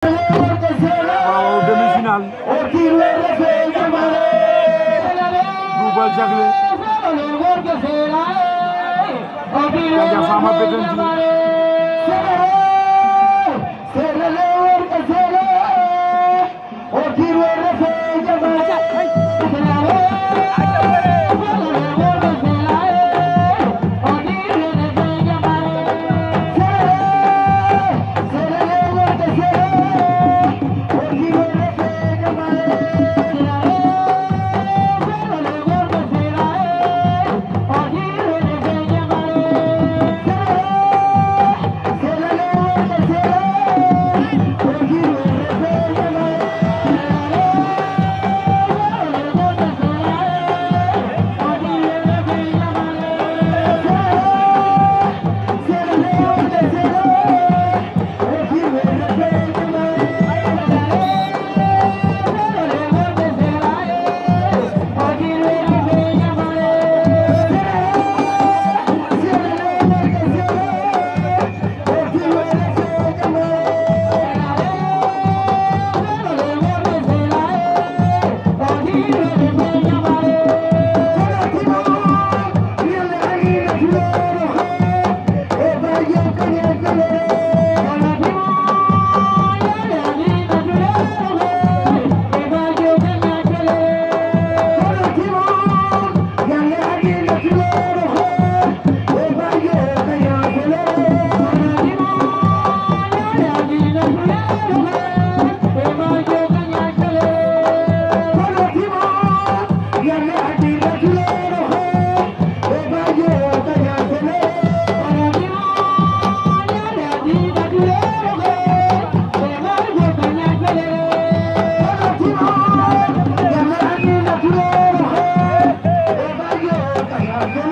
demi-finale. Global Jagle. Kaja Fama Petenji.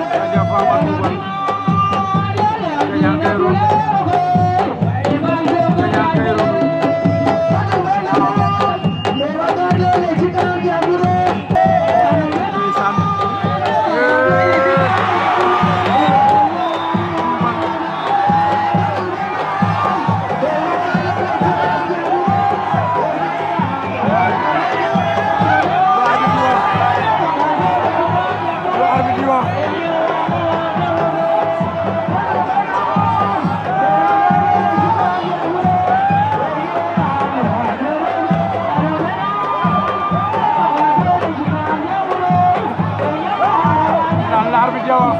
大家帮迎。jawa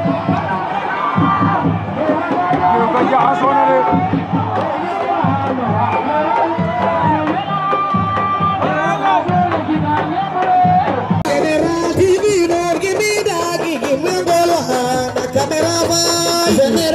kër ga jaxasoo na de General, give me that, give me that, give me that, camera,